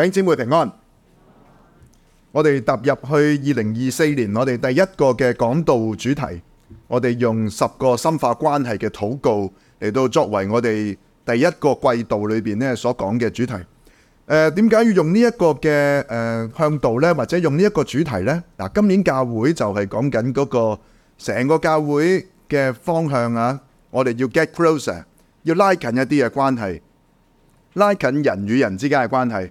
弟兄姊妹平安，我哋踏入去二零二四年，我哋第一個嘅講道主題，我哋用十個深化關係嘅禱告嚟到作為我哋第一個季度裏邊咧所講嘅主題。誒，點解要用呢一個嘅誒向道咧？或者用呢一個主題咧？嗱，今年教會就係講緊嗰個成個教會嘅方向啊！我哋要 get closer，要拉近一啲嘅關係，拉近人與人之間嘅關係。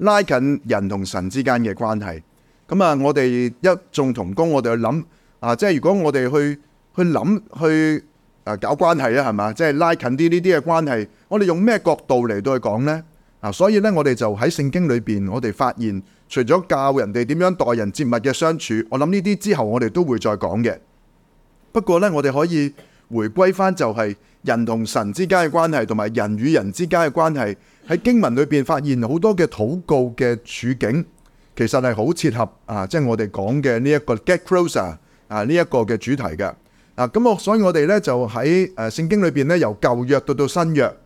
拉近人同神之間嘅關係，咁啊，我哋一眾同工我，我哋去諗啊，即係如果我哋去去諗去啊搞關係啊，係嘛，即係拉近啲呢啲嘅關係，我哋用咩角度嚟到去講呢？啊，所以咧，我哋就喺聖經裏邊，我哋發現除咗教人哋點樣待人接物嘅相處，我諗呢啲之後我哋都會再講嘅。不過咧，我哋可以回歸返就係人同神之間嘅關係，同埋人與人之間嘅關係。喺經文裏邊，發現好多嘅禱告嘅處境，其實係好切合啊！即係我哋講嘅呢一個 get closer 啊，呢一個嘅主題嘅啊，咁我，所以我哋咧就喺誒聖經裏邊咧，由舊約到到新約，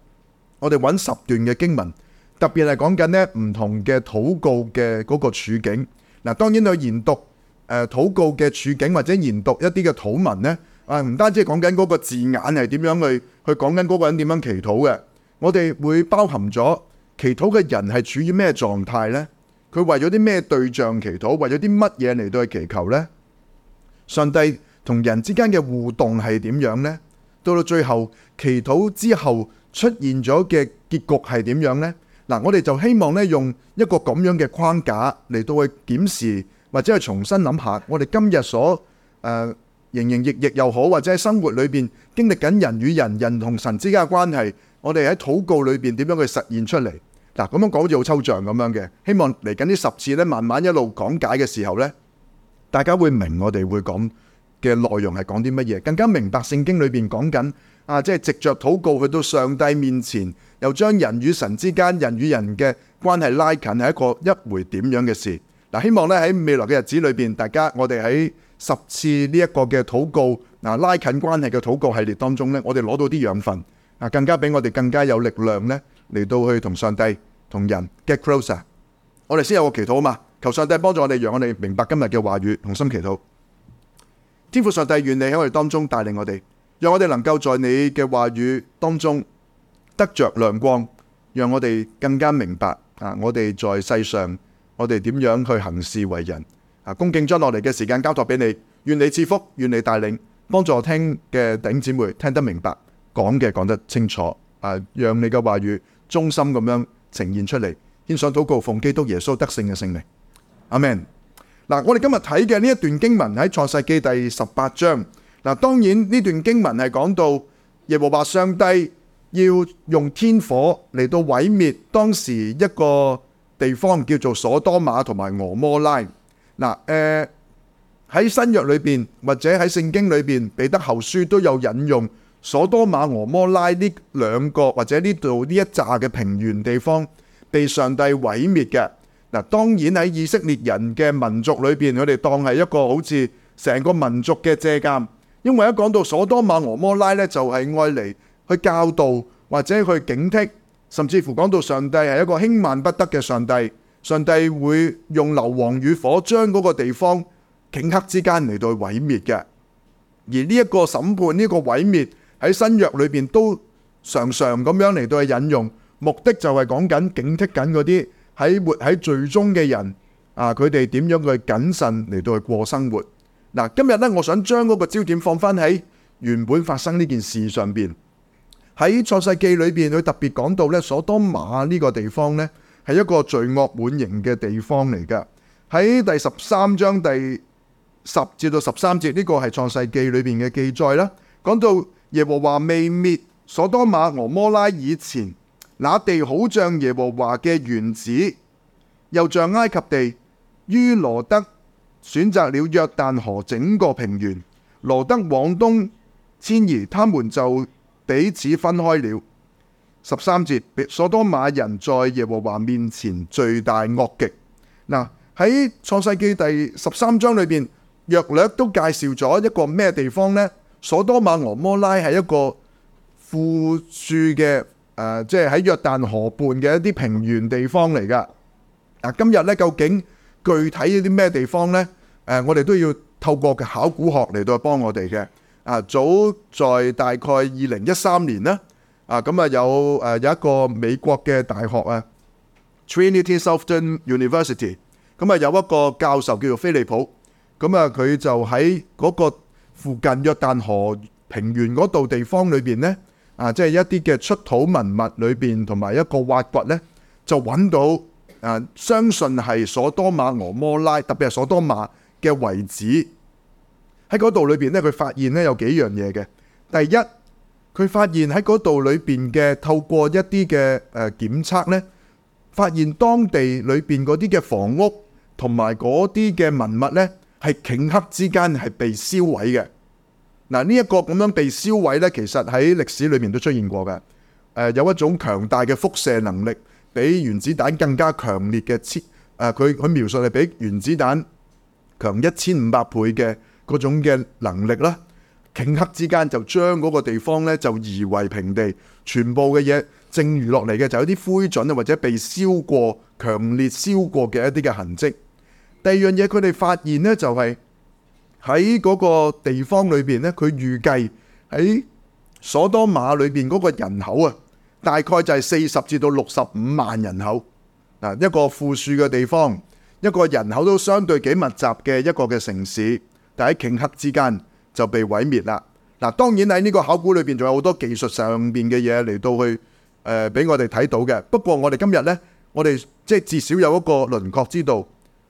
我哋揾十段嘅經文，特別係講緊咧唔同嘅禱告嘅嗰個處境。嗱、啊，當然去研讀誒禱告嘅處境或者研讀一啲嘅禱文咧啊，唔單止係講緊嗰個字眼係點樣去去講緊嗰個人點樣祈禱嘅。我哋會包含咗祈禱嘅人係處於咩狀態呢？佢為咗啲咩對象祈禱？為咗啲乜嘢嚟到去祈求呢？上帝同人之間嘅互動係點樣呢？到到最後祈禱之後出現咗嘅結局係點樣呢？嗱，我哋就希望咧用一個咁樣嘅框架嚟到去檢視或者係重新諗下我哋今日所誒營營役役又好，或者喺生活裏邊經歷緊人與人、人同神之間嘅關係。我哋喺禱告裏邊點樣去實現出嚟？嗱，咁樣講又好抽象咁樣嘅，希望嚟緊呢十次咧，慢慢一路講解嘅時候咧，大家會明我哋會講嘅內容係講啲乜嘢，更加明白聖經裏邊講緊啊，即係藉着禱告去到上帝面前，又將人與神之間、人與人嘅關係拉近，係一個一回點樣嘅事。嗱、啊，希望咧喺未來嘅日子裏邊，大家我哋喺十次呢一個嘅禱告嗱、啊、拉近關係嘅禱告系列當中咧，我哋攞到啲養分。啊，更加俾我哋更加有力量咧，嚟到去同上帝、同人 get closer，我哋先有個祈禱啊嘛！求上帝幫助我哋，讓我哋明白今日嘅話語，同心祈禱。天父上帝，願你喺我哋當中帶領我哋，讓我哋能夠在你嘅話語當中得着亮光，讓我哋更加明白啊！我哋在世上，我哋點樣去行事為人啊？恭敬將落嚟嘅時間交託俾你，願你賜福，願你帶領幫助我聽嘅弟兄姊妹聽得明白。講嘅講得清楚，啊，讓你嘅話語忠心咁樣呈現出嚟。獻上禱告，奉基督耶穌得勝嘅勝利，阿門。嗱、啊，我哋今日睇嘅呢一段經文喺創世記第十八章。嗱、啊，當然呢段經文係講到耶和華上帝要用天火嚟到毀滅當時一個地方，叫做所多瑪同埋俄摩拉。嗱、啊，誒、呃、喺新約裏邊或者喺聖經裏邊，彼得後書都有引用。所多瑪俄摩拉呢兩個或者呢度呢一扎嘅平原地方，被上帝毀滅嘅。嗱，當然喺以色列人嘅民族裏邊，佢哋當係一個好似成個民族嘅借鑒，因為一講到所多瑪俄摩拉呢，就係愛嚟去教導或者去警惕，甚至乎講到上帝係一個輕慢不得嘅上帝，上帝會用硫磺與火將嗰個地方頃刻之間嚟到毀滅嘅，而呢一個審判呢、這個毀滅。喺新約裏邊都常常咁樣嚟到去引用，目的就係講緊警惕緊嗰啲喺活喺罪中嘅人，啊佢哋點樣去謹慎嚟到去過生活。嗱，今日咧，我想將嗰個焦點放翻喺原本發生呢件事上邊。喺創世記裏邊，佢特別講到咧，所多瑪呢個地方咧，係一個罪惡滿盈嘅地方嚟噶。喺第十三章第十至到十三節呢個係創世記裏邊嘅記載啦，講到。耶和華未滅所多瑪俄摩拉以前，那地好像耶和華嘅園子，又像埃及地。於羅得選擇了約旦河整個平原，羅得往東遷移，他們就彼此分開了。十三節，所多瑪人在耶和華面前最大惡極。嗱，喺創世記第十三章裏邊，約略都介紹咗一個咩地方呢？索多瑪俄摩拉係一個富庶嘅誒，即係喺約旦河畔嘅一啲平原地方嚟㗎。嗱，今日咧究竟具體啲咩地方咧？誒，我哋都要透過考古學嚟到幫我哋嘅。啊，早在大概二零一三年咧，啊咁啊有誒有一個美國嘅大學啊，Trinity Southern University，咁啊有一個教授叫做菲利普，咁啊佢就喺嗰個附近約旦河平原嗰度地方裏邊呢，啊，即係一啲嘅出土文物裏邊同埋一個挖掘呢，就揾到啊，相信係所多瑪俄摩拉，特別係所多瑪嘅遺址喺嗰度裏邊呢，佢發現呢有幾樣嘢嘅。第一，佢發現喺嗰度裏邊嘅透過一啲嘅誒檢測呢，發現當地裏邊嗰啲嘅房屋同埋嗰啲嘅文物呢，係頃刻之間係被燒毀嘅。嗱呢一個咁樣被燒毀咧，其實喺歷史裏面都出現過嘅。誒有一種強大嘅輻射能力，比原子彈更加強烈嘅。千誒佢佢描述係比原子彈強一千五百倍嘅嗰種嘅能力啦。頃刻之間就將嗰個地方咧就夷為平地，全部嘅嘢正如落嚟嘅就有啲灰燼啊，或者被燒過、強烈燒過嘅一啲嘅痕跡。第二樣嘢佢哋發現咧就係、是。喺嗰個地方裏邊咧，佢預計喺所多瑪裏邊嗰個人口啊，大概就係四十至到六十五萬人口。嗱，一個富庶嘅地方，一個人口都相對幾密集嘅一個嘅城市，但喺頃刻之間就被毀滅啦。嗱，當然喺呢個考古裏邊，仲有好多技術上邊嘅嘢嚟到去誒俾、呃、我哋睇到嘅。不過我哋今日咧，我哋即係至少有一個輪廓知道。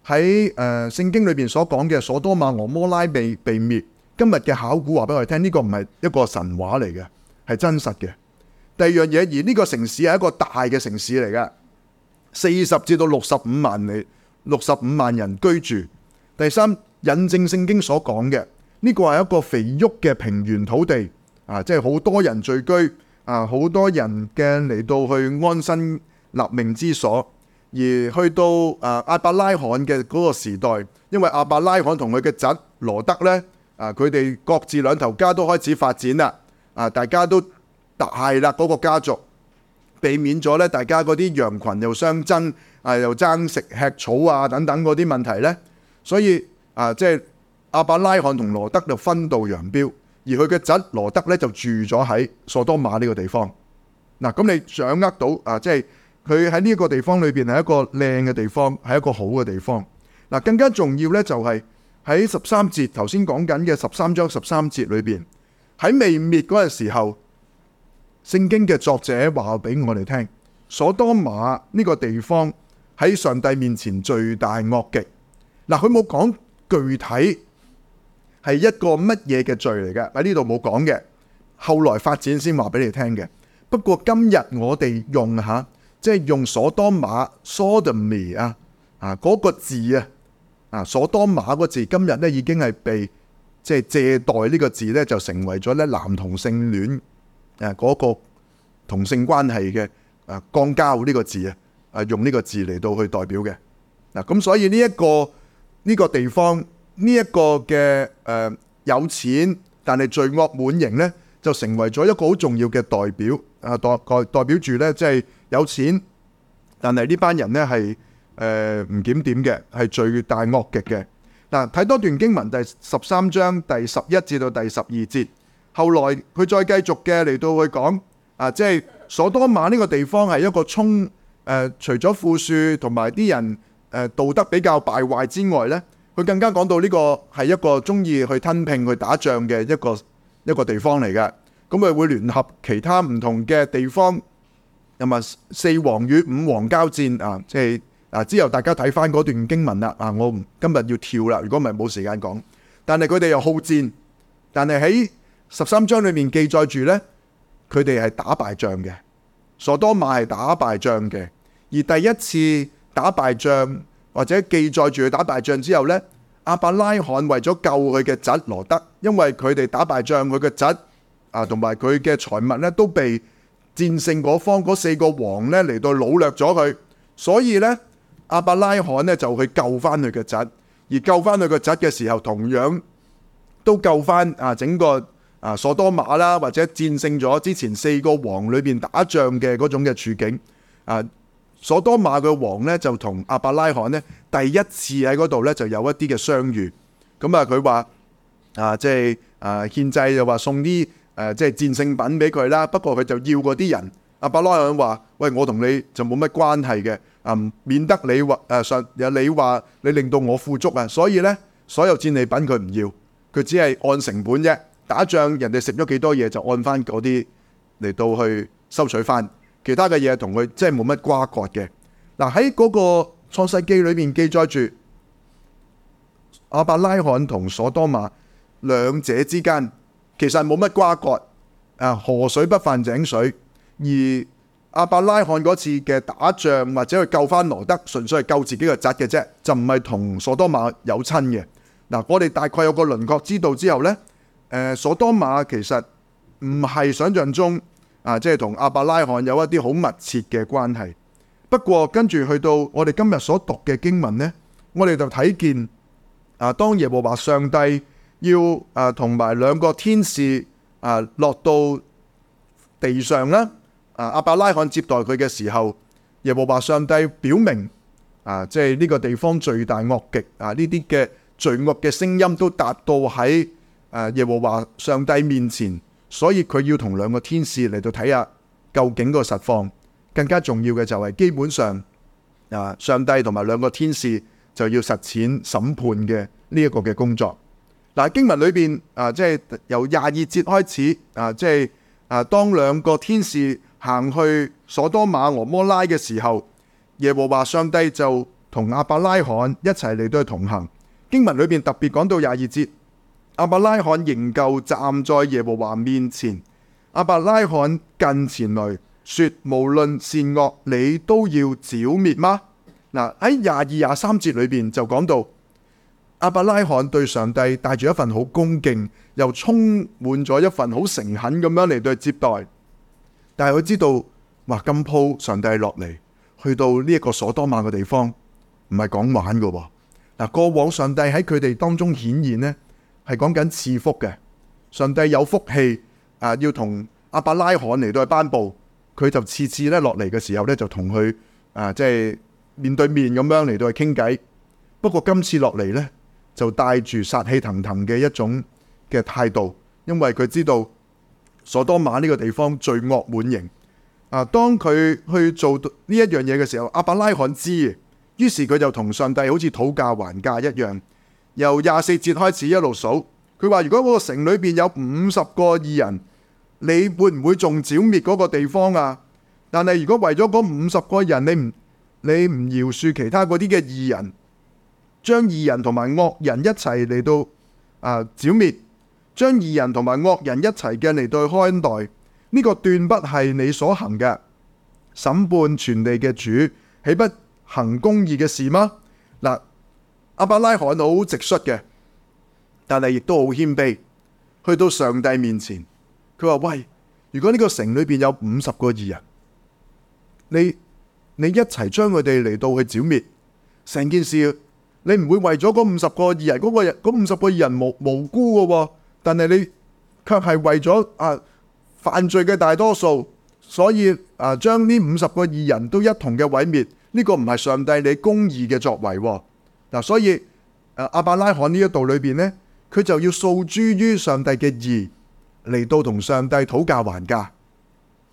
喺誒聖經裏邊所講嘅所多瑪蛾摩拉被被滅，今日嘅考古話俾我哋聽，呢個唔係一個神話嚟嘅，係真實嘅。第二樣嘢，而呢個城市係一個大嘅城市嚟嘅，四十至到六十五萬嚟六十五萬人居住。第三，引證聖經所講嘅，呢個係一個肥沃嘅平原土地，啊，即係好多人聚居，啊，好多人嘅嚟到去安身立命之所。而去到啊阿伯拉罕嘅嗰個時代，因為阿伯拉罕同佢嘅侄羅德咧啊，佢哋各自兩頭家都開始發展啦啊！大家都係啦，嗰、那個家族避免咗咧大家嗰啲羊群又相爭啊，又爭食吃，吃草啊等等嗰啲問題咧，所以啊，即係阿伯拉罕同羅德就分道揚鑣，而佢嘅侄羅德咧就住咗喺所多瑪呢個地方。嗱、啊，咁你掌握到啊，即係。佢喺呢個地方裏邊係一個靚嘅地方，係一個好嘅地方。嗱，更加重要呢，就係喺十三節，頭先講緊嘅十三章十三節裏邊，喺未滅嗰陣時候，聖經嘅作者話俾我哋聽，所多瑪呢個地方喺上帝面前最大惡極。嗱，佢冇講具體係一個乜嘢嘅罪嚟嘅，喺呢度冇講嘅，後來發展先話俾你聽嘅。不過今日我哋用下。即係用所多瑪 （Sodomy） 啊，啊嗰、那個字啊，啊所多瑪嗰個字今日咧已經係被即係借代呢個字咧就成為咗咧男同性戀誒嗰個同性關係嘅誒肛交呢個字啊，啊用呢個字嚟到去代表嘅嗱，咁、啊、所以呢、這、一個呢、這個地方呢一、這個嘅誒、啊、有錢但係罪惡滿盈咧，就成為咗一個好重要嘅代表啊代代代表住咧即係。就是有錢，但係呢班人呢係誒唔檢點嘅，係最大惡極嘅。嗱，睇多段經文第十三章第十一至到第十二節，後來佢再繼續嘅嚟到去講啊，即係所多瑪呢個地方係一個充誒，啊，除咗富庶同埋啲人誒道德比較敗壞之外呢，佢更加講到呢個係一個中意去吞併去打仗嘅一個一個地方嚟嘅。咁佢會聯合其他唔同嘅地方。四王與五王交戰啊，即係啊之後大家睇翻嗰段經文啦。啊，我唔今日要跳啦，如果唔係冇時間講。但係佢哋又好戰，但係喺十三章裏面記載住咧，佢哋係打敗仗嘅。所多瑪係打敗仗嘅，而第一次打敗仗或者記載住佢打敗仗之後咧，亞伯拉罕為咗救佢嘅侄羅德，因為佢哋打敗仗，佢嘅侄啊同埋佢嘅財物咧都被。戰勝嗰方嗰四個王咧嚟到擄掠咗佢，所以咧阿伯拉罕咧就去救翻佢嘅侄。而救翻佢個侄嘅時候，同樣都救翻啊整個啊索多瑪啦，或者戰勝咗之前四個王裏面打仗嘅嗰種嘅處境。啊，索多瑪嘅王咧就同阿伯拉罕咧第一次喺嗰度咧就有一啲嘅相遇。咁、就是、啊，佢話啊即係啊獻祭就話送啲。誒、呃，即、就、係、是、戰勝品俾佢啦。不過佢就要嗰啲人。阿伯拉罕話，喂，我同你就冇乜關係嘅，啊、嗯，免得你話誒、呃、上有你話你令到我富足啊。所以咧，所有戰利品佢唔要，佢只係按成本啫。打仗人哋食咗幾多嘢就按翻嗰啲嚟到去收取翻，其他嘅嘢同佢即係冇乜瓜葛嘅。嗱、啊，喺嗰個創世記裏面記載住阿伯拉罕同索多瑪兩者之間。其實冇乜瓜葛，啊，河水不犯井水。而阿伯拉罕嗰次嘅打仗或者去救翻羅德，純粹係救自己個侄嘅啫，就唔係同所多瑪有親嘅。嗱、啊，我哋大概有個輪廓知道之後呢、啊，所多瑪其實唔係想像中啊，即係同阿伯拉罕有一啲好密切嘅關係。不過跟住去到我哋今日所讀嘅經文呢，我哋就睇見啊，當耶和華上帝。要啊，同埋兩個天使啊落到地上啦。啊，亞伯拉罕接待佢嘅時候，耶和華上帝表明啊，即係呢個地方罪大惡極啊，呢啲嘅罪惡嘅聲音都達到喺啊耶和華上帝面前，所以佢要同兩個天使嚟到睇下究竟個實況。更加重要嘅就係基本上啊，上帝同埋兩個天使就要實踐審判嘅呢一個嘅工作。嗱，經文裏面，啊，即係由廿二節開始啊，即係啊，當兩個天使行去所多馬俄摩拉嘅時候，耶和華上帝就同亞伯拉罕一齊嚟到去同行。經文裏面特別講到廿二節，亞伯拉罕仍舊站在耶和華面前。亞伯拉罕近前來，說：無論善惡，你都要剿滅嗎？嗱，喺廿二、廿三節裏面就講到。亞伯拉罕對上帝帶住一份好恭敬，又充滿咗一份好誠懇咁樣嚟到接待。但係佢知道，話今鋪上帝落嚟，去到呢一個所多瑪嘅地方，唔係講玩噶。嗱，過往上帝喺佢哋當中顯現呢，係講緊賜福嘅。上帝有福氣啊、呃，要同亞伯拉罕嚟到去頒布，佢就次次咧落嚟嘅時候咧、呃，就同佢啊，即係面對面咁樣嚟到去傾偈。不過今次落嚟呢。就帶住殺氣騰騰嘅一種嘅態度，因為佢知道所多瑪呢個地方罪惡滿盈。啊，當佢去做呢一樣嘢嘅時候，亞伯拉罕知，於是佢就同上帝好似討價還價一樣。由廿四節開始一路數，佢話：如果嗰個城裏邊有五十個義人，你會唔會仲剿滅嗰個地方啊？但係如果為咗嗰五十個人，你唔你唔饒恕其他嗰啲嘅義人，將義人同埋惡人一齊嚟到啊，剿滅，將義人同埋惡人一齊嘅嚟到去看待呢、這個斷不係你所行嘅審判全地嘅主，豈不行公義嘅事嗎？嗱、啊，亞伯拉罕好直率嘅，但係亦都好謙卑，去到上帝面前，佢話喂，如果呢個城裏邊有五十個義人，你你一齊將佢哋嚟到去剿滅，成件事。你唔會為咗五十個義人嗰，那個人五十個義人無無辜嘅，哦，但係你卻係為咗啊犯罪嘅大多數，所以啊將呢五十個義人都一同嘅毀滅，呢，這個唔係上帝你公義嘅作為，哦。嗱、啊，所以，啊、阿伯拉罕呢一度裏邊咧，佢就要訴諸於上帝嘅義嚟到同上帝討價還價。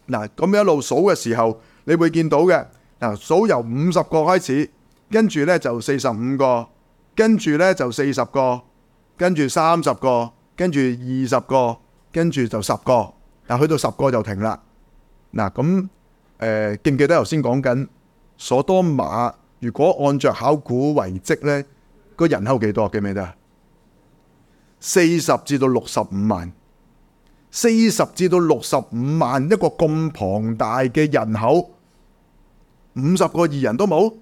嗱、啊，咁一路數嘅時候，你會見到嘅，嗱、啊，數由五十個開始。跟住咧就四十五個，跟住咧就四十個，跟住三十個，跟住二十個，跟住就十個。但去到十個就停啦。嗱，咁、呃、誒記唔記得頭先講緊所多瑪？如果按着考古遺迹咧，個人口幾多記唔記得啊？四十至到六十五萬，四十至到六十五萬一個咁龐大嘅人口，五十個義人都冇。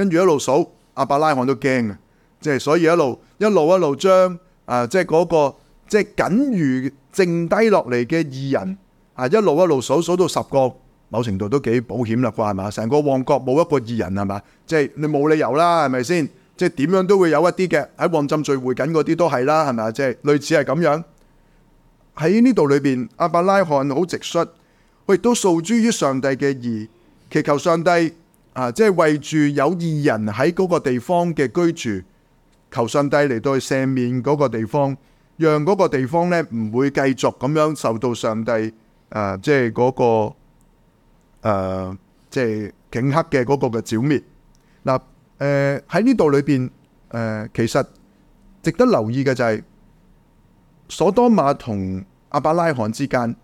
跟住一路數，阿伯拉罕都驚嘅，即係所以一路一路一路將啊，即係嗰個即係僅餘剩低落嚟嘅義人啊，一路一路數數到十個，某程度都幾保險啦啩係嘛，成個旺角冇一個義人係嘛，即係你冇理由啦係咪先？即係點樣都會有一啲嘅喺旺浸聚會緊嗰啲都係啦係嘛，即係類似係咁樣。喺呢度裏邊，阿伯拉罕好直率，佢亦都訴諸於上帝嘅義，祈求上帝。啊！即係為住有義人喺嗰個地方嘅居住，求上帝嚟到去赦免嗰個地方，讓嗰個地方咧唔會繼續咁樣受到上帝啊，即係嗰、那個誒、啊，即係頃刻嘅嗰個嘅剿滅。嗱、啊，誒喺呢度裏邊，誒、呃、其實值得留意嘅就係、是、所多瑪同亞伯拉罕之間，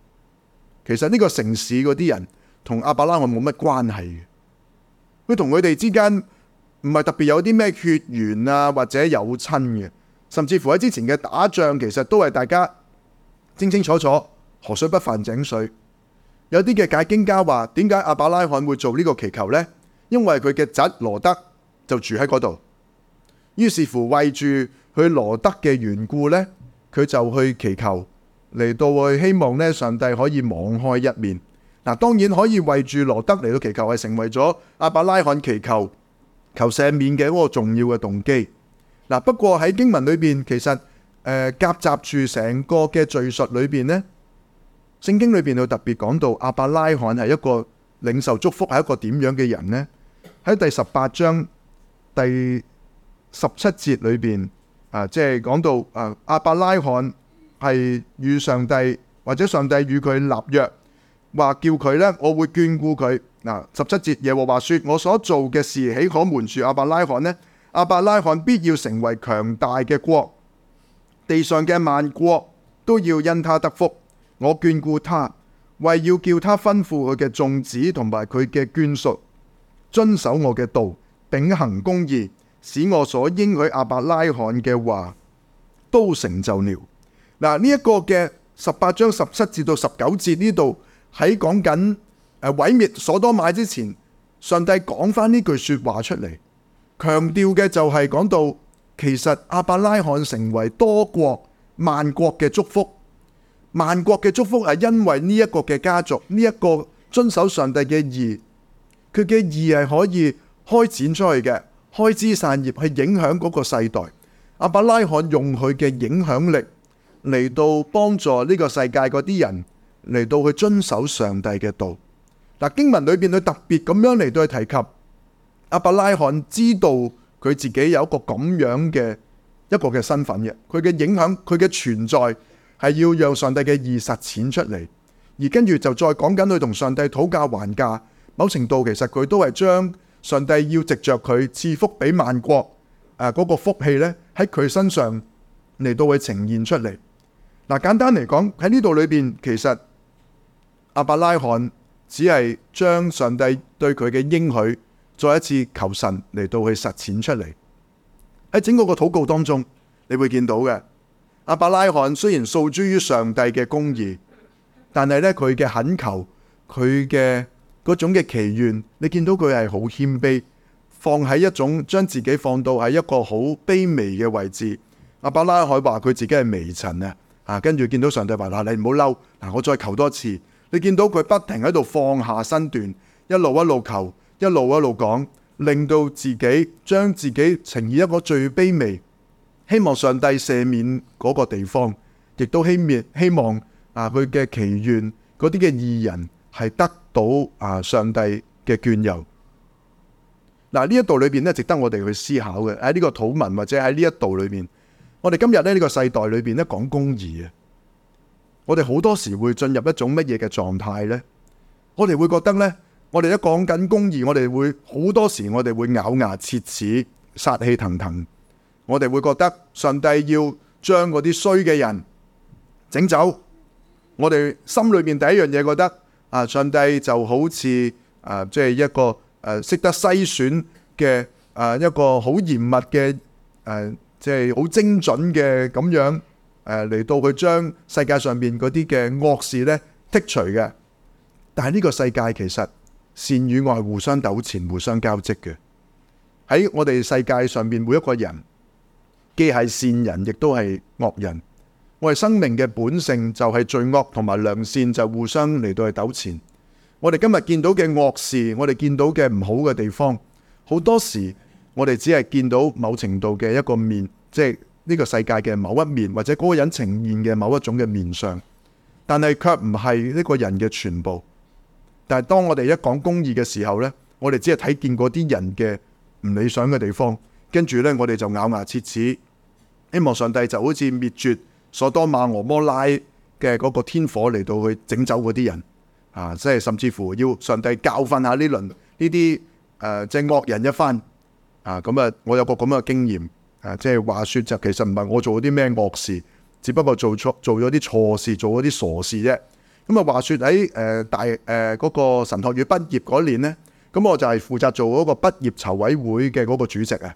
其實呢個城市嗰啲人同亞伯拉罕冇乜關係嘅。佢同佢哋之間唔係特別有啲咩血緣啊，或者有親嘅，甚至乎喺之前嘅打仗，其實都係大家清清楚楚，河水不犯井水。有啲嘅解經家話：點解亞伯拉罕會做呢個祈求呢？因為佢嘅侄羅德就住喺嗰度，於是乎為住佢羅德嘅緣故呢，佢就去祈求嚟到去希望呢上帝可以網開一面。嗱，當然可以為住羅得嚟到祈求，係成為咗亞伯拉罕祈求求赦免嘅嗰個重要嘅動機。嗱，不過喺經文裏邊，其實誒夾雜住成個嘅敘述裏邊呢，聖經裏邊有特別講到亞伯拉罕係一個領受祝福係一個點樣嘅人呢，喺第十八章第十七節裏邊啊，即係講到啊，亞伯拉罕係與上帝或者上帝與佢立約。話叫佢呢，我會眷顧佢。嗱、啊，十七節耶和華說：我所做嘅事豈可瞞住亞伯拉罕呢？亞伯拉罕必要成為強大嘅國，地上嘅萬國都要因他得福。我眷顧他，為要叫他吩咐佢嘅眾子同埋佢嘅眷屬遵守我嘅道，秉行公義，使我所應許亞伯拉罕嘅話都成就了。嗱、啊，呢、這、一個嘅十八章十七至到十九節呢度。喺講緊誒毀滅所多瑪之前，上帝講翻呢句說話出嚟，強調嘅就係講到，其實亞伯拉罕成為多國萬國嘅祝福，萬國嘅祝福係因為呢一個嘅家族，呢一個遵守上帝嘅義，佢嘅義係可以開展出去嘅，開枝散葉去影響嗰個世代。亞伯拉罕用佢嘅影響力嚟到幫助呢個世界嗰啲人，嚟到去遵守上帝嘅道，嗱，經文裏邊佢特別咁樣嚟到去提及，亞伯拉罕知道佢自己有一個咁樣嘅一個嘅身份嘅，佢嘅影響佢嘅存在係要讓上帝嘅義實踐出嚟，而跟住就再講緊佢同上帝討價還價，某程度其實佢都係將上帝要藉着佢賜福俾萬國誒嗰個福氣呢喺佢身上嚟到去呈現出嚟。嗱，簡單嚟講喺呢度裏邊其實。阿伯拉罕只係將上帝對佢嘅應許，再一次求神嚟到去實踐出嚟。喺整個個禱告當中，你會見到嘅阿伯拉罕雖然訴諸於上帝嘅公義，但係咧佢嘅懇求，佢嘅嗰種嘅祈願，你見到佢係好謙卑，放喺一種將自己放到喺一個好卑微嘅位置。阿伯拉罕話佢自己係微塵啊，啊，跟住見到上帝話：，嗱，你唔好嬲，嗱，我再求多次。你見到佢不停喺度放下身段，一路一路求，一路一路講，令到自己將自己呈現一個最卑微，希望上帝赦免嗰個地方，亦都希滅希望啊佢嘅祈願嗰啲嘅義人係得到啊上帝嘅眷佑。嗱、啊、呢一度裏邊咧，值得我哋去思考嘅喺呢個土民或者喺呢一度裏面，我哋今日咧呢、這個世代裏邊咧講公義啊。我哋好多時會進入一種乜嘢嘅狀態呢？我哋會覺得呢，我哋一講緊公義，我哋會好多時，我哋會咬牙切齒、殺氣騰騰。我哋會覺得上帝要將嗰啲衰嘅人整走。我哋心裏面第一樣嘢覺得啊，上帝就好似啊，即係一個誒識得篩選嘅誒一個好嚴密嘅誒即係好精準嘅咁樣。誒，嚟到佢將世界上面嗰啲嘅惡事呢，剔除嘅。但係呢個世界其實善與惡係互相糾纏、互相交織嘅。喺我哋世界上面，每一個人既係善人，亦都係惡人。我哋生命嘅本性就係罪惡，同埋良善就互相嚟到去糾纏。我哋今日見到嘅惡事，我哋見到嘅唔好嘅地方，好多時我哋只係見到某程度嘅一個面，即係。呢、這個世界嘅某一面，或者嗰個人呈現嘅某一種嘅面相，但係卻唔係呢個人嘅全部。但係當我哋一講公義嘅時候呢，我哋只係睇見嗰啲人嘅唔理想嘅地方，跟住呢，我哋就咬牙切齒，希望上帝就好似滅絕所多瑪俄摩拉嘅嗰個天火嚟到去整走嗰啲人啊！即係甚至乎要上帝教訓下呢輪呢啲誒即係惡人一番啊！咁啊，我有個咁嘅經驗。啊！即係話說就其實唔係我做咗啲咩惡事，只不過做錯做咗啲錯事，做咗啲傻事啫。咁啊話說喺誒、呃、大誒嗰、呃那個神學院畢業嗰年咧，咁我就係負責做嗰個畢業籌委會嘅嗰個主席啊。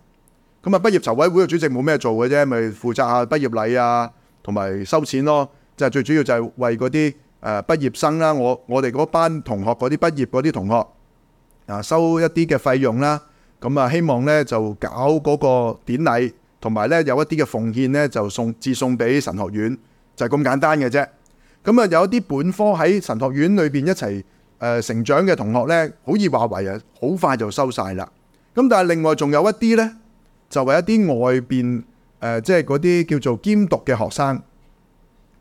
咁啊畢業籌委會嘅主席冇、啊、咩做嘅啫、啊，咪負責下畢業禮啊，同埋收錢咯。即、就、係、是、最主要就係為嗰啲誒畢業生啦、啊，我我哋嗰班同學嗰啲畢業嗰啲同學啊，收一啲嘅費用啦、啊。咁啊希望咧就搞嗰個典禮。同埋咧有一啲嘅奉獻咧，就送至送俾神學院，就係咁簡單嘅啫。咁啊有一啲本科喺神學院裏邊一齊誒成長嘅同學咧，好易話為啊好快就收晒啦。咁但係另外仲有一啲咧就係一啲外邊誒即係嗰啲叫做兼讀嘅學生。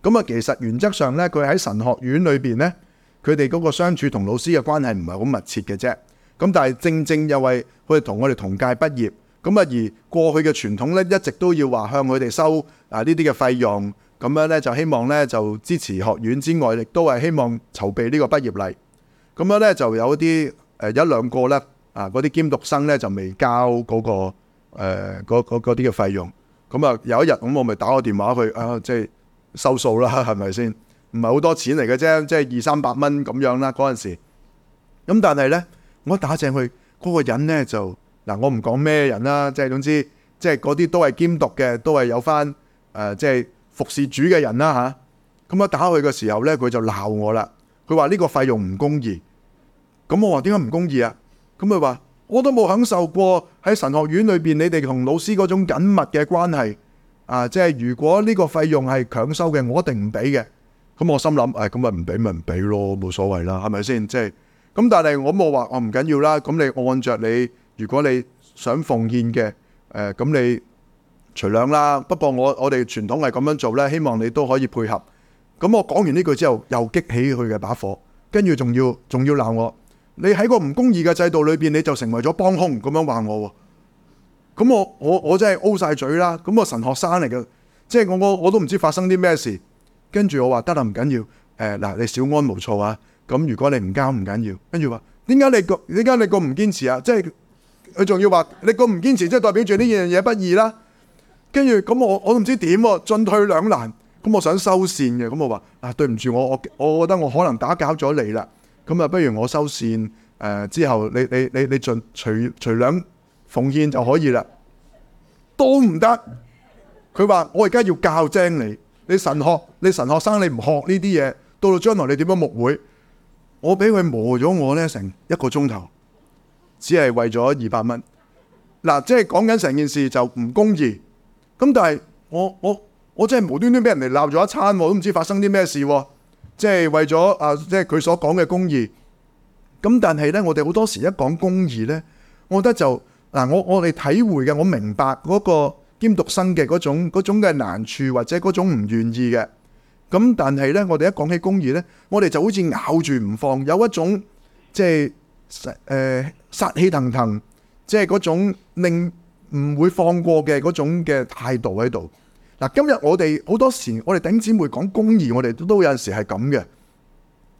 咁啊其實原則上咧佢喺神學院裏邊咧，佢哋嗰個相處同老師嘅關係唔係好密切嘅啫。咁但係正正又係佢哋同我哋同屆畢業。咁啊，而過去嘅傳統咧，一直都要話向佢哋收啊呢啲嘅費用，咁樣咧就希望咧就支持學院之外，亦都係希望籌備呢個畢業禮。咁樣咧就有啲誒一兩個咧啊，嗰啲兼讀生咧就未交嗰個誒嗰嗰啲嘅費用。咁啊有一日咁我咪打個電話去啊，即係收數啦，係咪先？唔係好多錢嚟嘅啫，即係二三百蚊咁樣啦嗰陣時。咁但係咧，我打正去嗰個人咧就。嗱、啊，我唔講咩人啦，即係總之，即係嗰啲都係兼讀嘅，都係有翻誒、呃，即係服侍主嘅人啦吓。咁啊、嗯、打佢嘅時候咧，佢就鬧我啦。佢話呢個費用唔公義。咁、嗯、我話點解唔公義啊？咁佢話我都冇享受過喺神學院裏邊，你哋同老師嗰種緊密嘅關係啊。即係如果呢個費用係強收嘅，我一定唔俾嘅。咁、嗯、我心諗誒，咁咪唔俾咪唔俾咯，冇所謂啦，係咪先？即係咁、嗯，但係我冇話我唔緊要啦。咁你按着你。如果你想奉獻嘅，誒、呃、咁你隨量啦。不過我我哋傳統係咁樣做咧，希望你都可以配合。咁我講完呢句之後，又激起佢嘅把火，跟住仲要仲要鬧我。你喺個唔公義嘅制度裏面，你就成為咗幫兇咁樣話我喎。咁我我我真係 O 晒嘴啦。咁我神學生嚟嘅，即係我我我都唔知發生啲咩事。跟住我話得啦，唔緊要。誒嗱、呃，你小安冇錯啊。咁如果你唔交唔緊要，跟住話點解你個點解你個唔堅持啊？即係。佢仲要話你咁唔堅持，即係代表住呢樣嘢不易啦。跟住咁我我都唔知點喎，進退兩難。咁我想收線嘅，咁我話啊，對唔住，我我我覺得我可能打攪咗你啦。咁啊，不如我收線，誒之後你你你你盡隨隨兩奉獻就可以啦。都唔得，佢話我而家要教精你，你神學你神學生你唔學呢啲嘢，到到將來你點樣牧會？我俾佢磨咗我咧成一個鐘頭。只係為咗二百蚊，嗱，即係講緊成件事就唔公義。咁但係我我我真係無端端俾人哋鬧咗一餐喎，都唔知發生啲咩事。即係為咗啊，即係佢所講嘅公義。咁但係咧，我哋好多時一講公義咧，我覺得就嗱，我我哋體會嘅，我明白嗰個兼讀生嘅嗰種嗰種嘅難處，或者嗰種唔願意嘅。咁但係咧，我哋一講起公義咧，我哋就好似咬住唔放，有一種即係誒。殺氣騰騰，即係嗰種令唔會放過嘅嗰種嘅態度喺度。嗱，今日我哋好多時，我哋頂姊妹講公義，我哋都有陣時係咁嘅。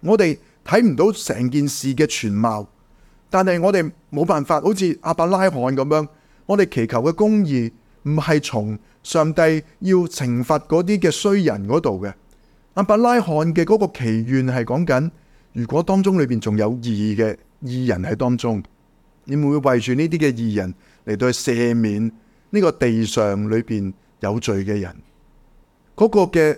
我哋睇唔到成件事嘅全貌，但係我哋冇辦法，好似亞伯拉罕咁樣，我哋祈求嘅公義唔係從上帝要懲罰嗰啲嘅衰人嗰度嘅。亞伯拉罕嘅嗰個祈願係講緊，如果當中裏邊仲有義嘅義人喺當中，你會唔會為住呢啲嘅義人嚟到赦免呢個地上裏邊有罪嘅人？嗰個嘅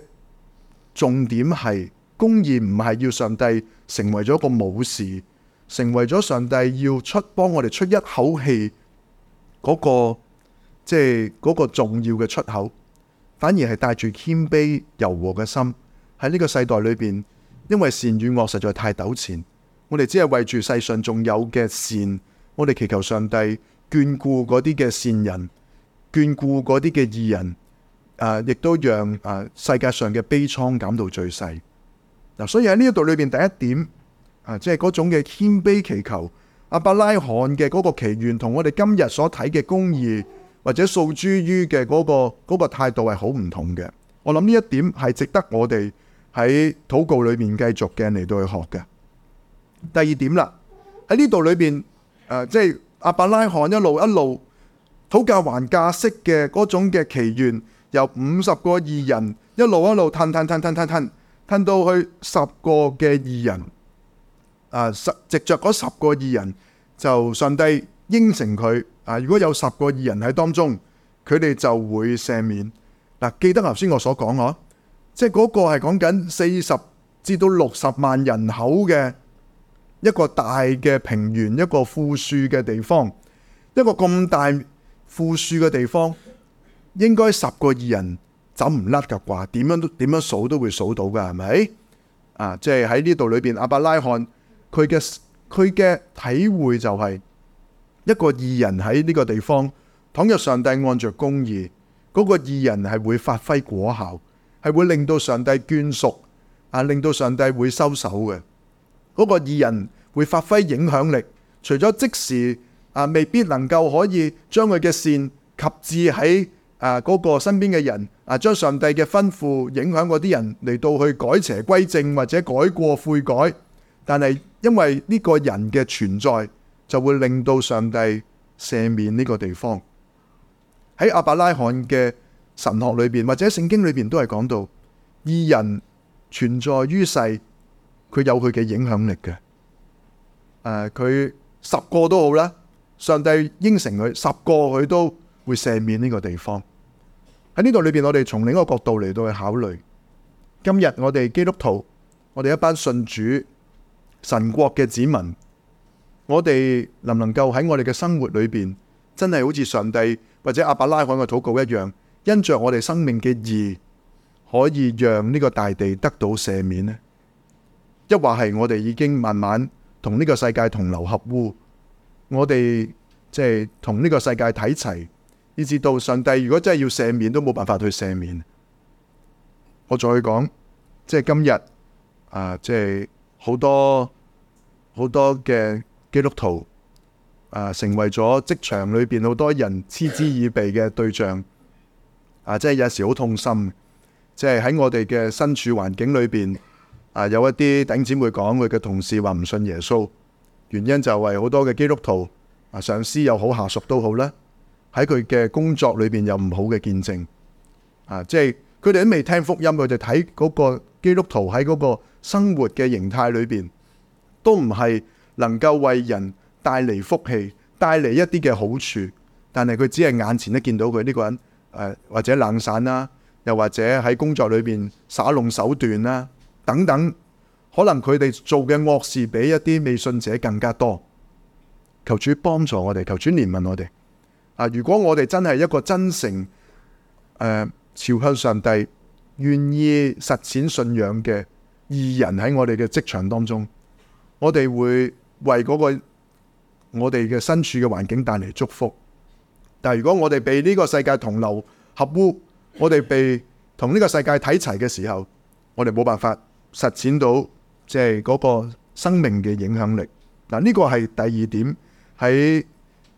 重點係，公義唔係要上帝成為咗個武士，成為咗上帝要出幫我哋出一口氣嗰個，即係嗰個重要嘅出口，反而係帶住謙卑柔和嘅心喺呢個世代裏邊，因為善與惡實在太糾纏，我哋只係為住世上仲有嘅善。我哋祈求上帝眷顧嗰啲嘅善人，眷顧嗰啲嘅義人，誒、啊，亦都讓誒、啊、世界上嘅悲愴減到最細。嗱、啊，所以喺呢一度裏邊，第一點，啊，即係嗰種嘅謙卑祈求，阿伯拉罕嘅嗰個祈願，同我哋今日所睇嘅公義或者訴諸於嘅嗰、嗰個、嗰、嗰個態度係好唔同嘅。我諗呢一點係值得我哋喺禱告裏面繼續嘅嚟到去學嘅。第二點啦，喺呢度裏邊。誒、啊，即係阿伯拉罕一路一路討價還價式嘅嗰種嘅祈願，由五十個義人一路一路褪褪褪褪褪褪褪到去十個嘅義人，啊，十藉著嗰十個義人就上帝應承佢啊！如果有十個義人喺當中，佢哋就會赦免嗱、啊。記得頭先我所講啊，即係嗰個係講緊四十至到六十萬人口嘅。一個大嘅平原，一個富庶嘅地方，一個咁大富庶嘅地方，應該十個義人走唔甩噶啩？點樣點樣數都會數到噶係咪？啊，即係喺呢度裏邊，亞伯拉罕佢嘅佢嘅體會就係、是、一個義人喺呢個地方，倘若上帝按着公義，嗰、那個義人係會發揮果效，係會令到上帝眷屬啊，令到上帝會收手嘅。嗰、那個義人會發揮影響力，除咗即時啊，未必能夠可以將佢嘅善及至喺啊嗰個身邊嘅人啊，將上帝嘅吩咐影響嗰啲人嚟到去改邪歸正或者改過悔改，但係因為呢個人嘅存在，就會令到上帝赦免呢個地方。喺亞伯拉罕嘅神學裏邊或者聖經裏邊都係講到，義人存在於世。佢有佢嘅影響力嘅，誒，佢十個都好啦，上帝應承佢十個佢都會赦免呢個地方。喺呢度裏邊，我哋從另一個角度嚟到去考慮，今日我哋基督徒，我哋一班信主神國嘅子民，我哋能唔能夠喺我哋嘅生活裏邊，真係好似上帝或者亞伯拉罕嘅禱告一樣，因着我哋生命嘅義，可以讓呢個大地得到赦免呢？抑或係我哋已經慢慢同呢個世界同流合污，我哋即係同呢個世界睇齊，以至到上帝如果真係要赦免都冇辦法去赦免。我再講，即係今日啊，即係好多好多嘅基督徒啊，成為咗職場裏邊好多人嗤之以鼻嘅對象啊，即係有時好痛心，即係喺我哋嘅身處環境裏邊。啊！有一啲頂姊妹講，佢嘅同事話唔信耶穌，原因就係好多嘅基督徒啊，上司又好，下屬都好啦，喺佢嘅工作裏面有唔好嘅見證。啊，即係佢哋都未聽福音，佢哋睇嗰個基督徒喺嗰個生活嘅形態裏面，都唔係能夠為人帶嚟福氣、帶嚟一啲嘅好處。但係佢只係眼前一見到佢呢個人、啊，或者冷散啦、啊，又或者喺工作裏面耍弄手段啦、啊。等等，可能佢哋做嘅惡事比一啲未信者更加多。求主幫助我哋，求主憐憫我哋。啊，如果我哋真係一個真誠誒、呃、朝向上帝、願意實踐信仰嘅異人喺我哋嘅職場當中，我哋會為嗰、那個我哋嘅身處嘅環境帶嚟祝福。但係如果我哋被呢個世界同流合污，我哋被同呢個世界睇齊嘅時候，我哋冇辦法。實踐到即係嗰個生命嘅影響力。嗱、這、呢個係第二點。喺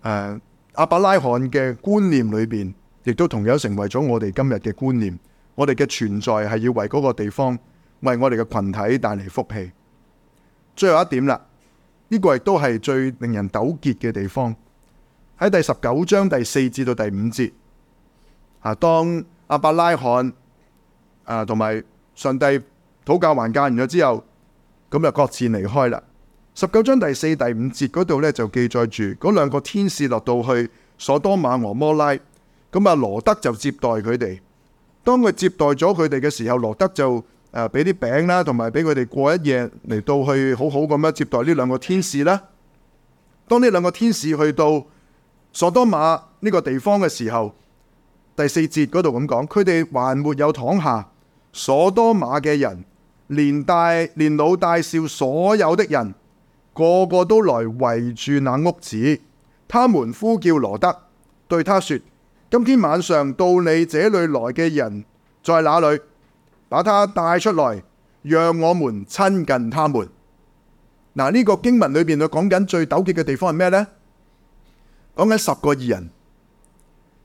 誒阿伯拉罕嘅觀念裏邊，亦都同樣成為咗我哋今日嘅觀念。我哋嘅存在係要為嗰個地方，為我哋嘅群體帶嚟福氣。最後一點啦，呢、這個亦都係最令人糾結嘅地方。喺第十九章第四節到第五節啊，當阿伯拉罕啊同埋上帝。討價還價完咗之後，咁就各自離開啦。十九章第四、第五節嗰度咧就記載住嗰兩個天使落到去索多瑪俄摩拉，咁啊羅德就接待佢哋。當佢接待咗佢哋嘅時候，羅德就誒俾啲餅啦，同埋俾佢哋過一夜嚟，到去好好咁樣接待呢兩個天使啦。當呢兩個天使去到索多瑪呢個地方嘅時候，第四節嗰度咁講，佢哋還沒有躺下，索多瑪嘅人。連大連老帶少所有的人個個都來圍住那屋子。他們呼叫羅德，對他說：今天晚上到你這裏來嘅人在哪裏？把他帶出來，讓我們親近他們。嗱、啊、呢，這個經文裏邊佢講緊最糾結嘅地方係咩呢？講緊十個義人，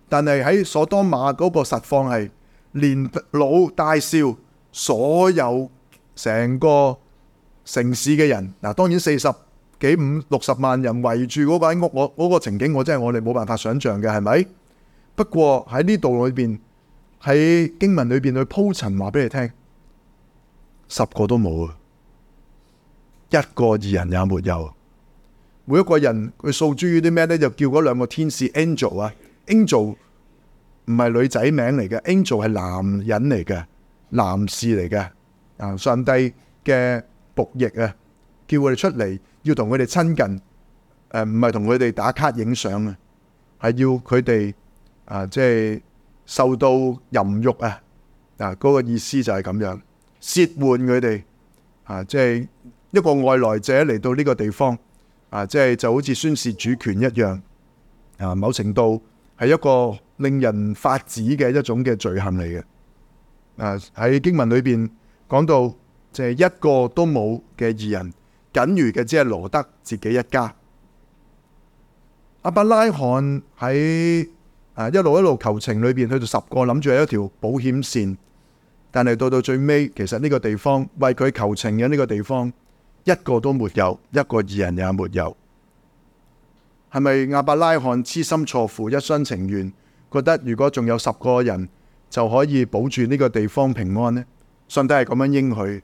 但係喺所多瑪嗰個實況係連老帶少所有，成個城市嘅人，嗱，當然四十幾五六十萬人圍住嗰間屋，我嗰個情景我真係我哋冇辦法想象嘅，係咪？不過喺呢度裏邊，喺經文裏邊去鋪陳話俾你聽，十個都冇啊，一個二人也沒有。每一個人佢訴諸於啲咩呢？就叫嗰兩個天使 angel 啊，angel 唔係女仔名嚟嘅，angel 係男人嚟嘅，男士嚟嘅。啊！上帝嘅僕役啊，叫佢哋出嚟，要同佢哋親近，誒唔係同佢哋打卡影相啊，係要佢哋啊，即係受到淫辱啊，嗱、啊嗰個意思就係咁樣，褻玩佢哋啊，即係一個外來者嚟到呢個地方啊，即係就好似宣示主權一樣啊，某程度係一個令人發指嘅一種嘅罪行嚟嘅啊，喺經文裏邊。講到就係一個都冇嘅義人，僅餘嘅只係羅德自己一家。亞伯拉罕喺一路一路求情裏邊，去到十個諗住係一條保險線，但係到到最尾，其實呢個地方為佢求情嘅呢個地方一個都沒有，一個義人也沒有。係咪亞伯拉罕痴心錯付、一廂情願，覺得如果仲有十個人就可以保住呢個地方平安呢？上帝係咁樣應許，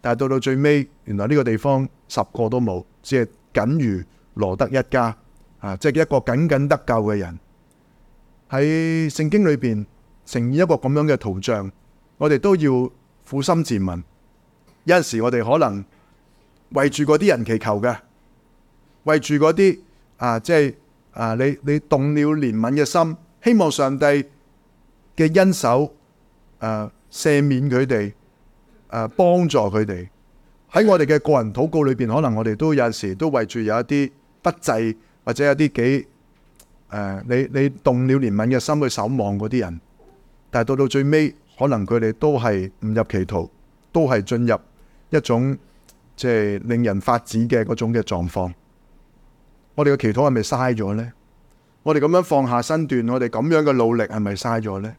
但係到到最尾，原來呢個地方十個都冇，只係僅如羅得一家啊，即係一個僅僅得救嘅人。喺聖經裏邊呈現一個咁樣嘅圖像，我哋都要苦心自問，有陣時我哋可能為住嗰啲人祈求嘅，為住嗰啲啊，即係啊，你你動了憐憫嘅心，希望上帝嘅恩手誒。啊赦免佢哋，誒、呃、幫助佢哋，喺我哋嘅個人禱告裏面，可能我哋都有時都為住有一啲不濟或者有啲幾、呃、你你動了憐憫嘅心去守望嗰啲人，但係到到最尾，可能佢哋都係誤入歧途，都係進入一種即係令人髮指嘅嗰種嘅狀況。我哋嘅祈禱係咪嘥咗呢？我哋咁樣放下身段，我哋咁樣嘅努力係咪嘥咗呢？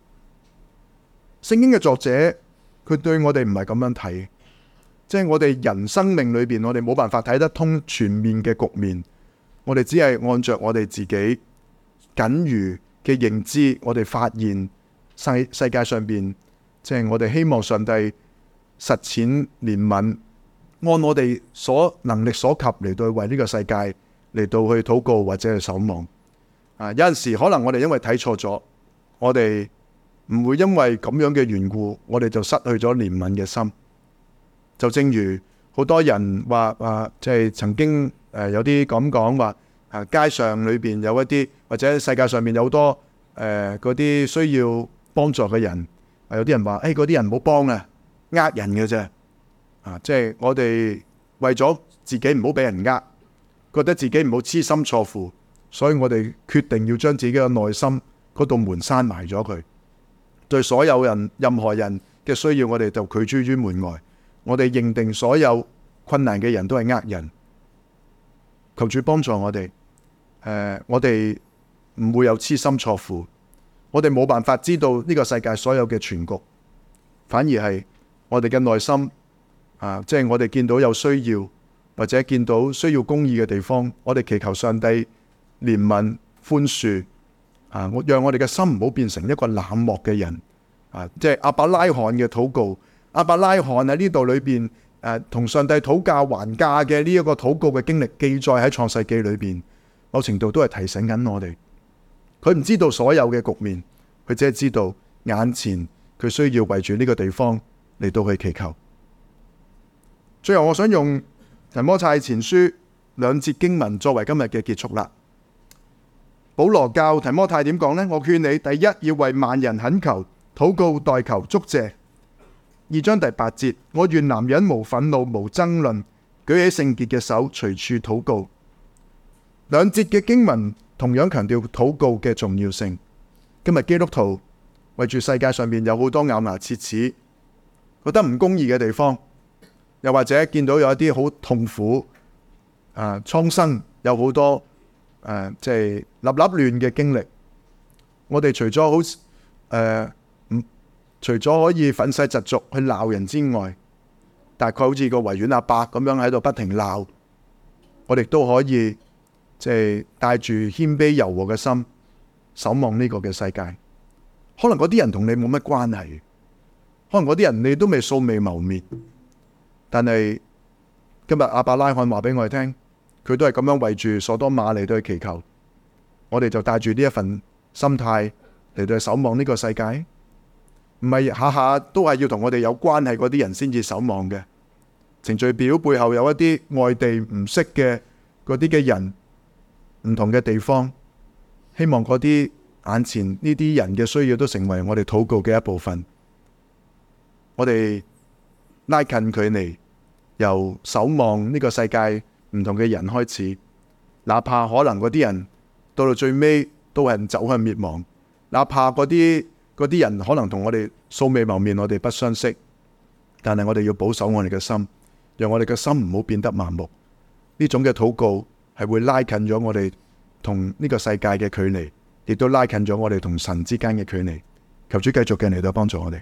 聖經嘅作者佢對我哋唔係咁樣睇，即係我哋人生命裏邊，我哋冇辦法睇得通全面嘅局面，我哋只係按照我哋自己僅餘嘅認知，我哋發現世世界上邊，即係我哋希望上帝實踐憐憫，按我哋所能力所及嚟對為呢個世界嚟到去禱告或者去守望。啊，有陣時可能我哋因為睇錯咗，我哋。唔會因為咁樣嘅緣故，我哋就失去咗憐憫嘅心。就正如好多人話啊，即係曾經誒有啲咁講話啊，街上裏邊有一啲或者世界上面有好多誒嗰啲需要幫助嘅人，有啲人話誒嗰啲人唔好幫啊，呃人嘅啫啊，即係我哋為咗自己唔好俾人呃，覺得自己唔好痴心錯付，所以我哋決定要將自己嘅內心嗰道門閂埋咗佢。對所有人、任何人嘅需要，我哋就拒之於門外。我哋認定所有困難嘅人都係呃人，求主幫助我哋。誒，我哋唔會有痴心錯付。我哋冇辦法知道呢個世界所有嘅全局，反而係我哋嘅內心啊，即係我哋見到有需要或者見到需要公義嘅地方，我哋祈求上帝憐憫寬恕。啊！我讓我哋嘅心唔好變成一個冷漠嘅人啊！即係阿伯拉罕嘅禱告，阿伯拉罕喺呢度裏邊誒、啊，同上帝討價還價嘅呢一個禱告嘅經歷記載喺創世記裏邊，某程度都係提醒緊我哋，佢唔知道所有嘅局面，佢只係知道眼前佢需要為住呢個地方嚟到去祈求。最後，我想用《提摩太前書》兩節經文作為今日嘅結束啦。保羅教提摩太點講呢？我勸你第一要為萬人懇求、禱告、代求、祝謝。二章第八節，我願男人無憤怒、無爭論，舉起聖潔嘅手，隨處禱告。兩節嘅經文同樣強調禱告嘅重要性。今日基督徒為住世界上面有好多咬牙切齒、覺得唔公義嘅地方，又或者見到有一啲好痛苦啊，蒼生有好多。誒、呃，即係立立亂嘅經歷。我哋除咗好誒，唔、呃、除咗可以憤世嫉俗去鬧人之外，大概好似個維園阿伯咁樣喺度不停鬧，我哋都可以即係帶住謙卑柔和嘅心，守望呢個嘅世界。可能嗰啲人同你冇乜關係，可能嗰啲人你都未素未謀面，但係今日阿伯拉罕話俾我哋聽。佢都係咁樣圍住所多瑪嚟到去祈求，我哋就帶住呢一份心態嚟到守望呢個世界，唔係下下都係要同我哋有關係嗰啲人先至守望嘅。程序表背後有一啲外地唔識嘅嗰啲嘅人，唔同嘅地方，希望嗰啲眼前呢啲人嘅需要都成為我哋禱告嘅一部分。我哋拉近距離，由守望呢個世界唔同嘅人開始，哪怕可能嗰啲人到到最尾都係走向滅亡，哪怕嗰啲嗰啲人可能同我哋素未謀面，我哋不相識，但係我哋要保守我哋嘅心，讓我哋嘅心唔好變得麻木。呢種嘅禱告係會拉近咗我哋同呢個世界嘅距離，亦都拉近咗我哋同神之間嘅距離。求主繼續嘅嚟到幫助我哋。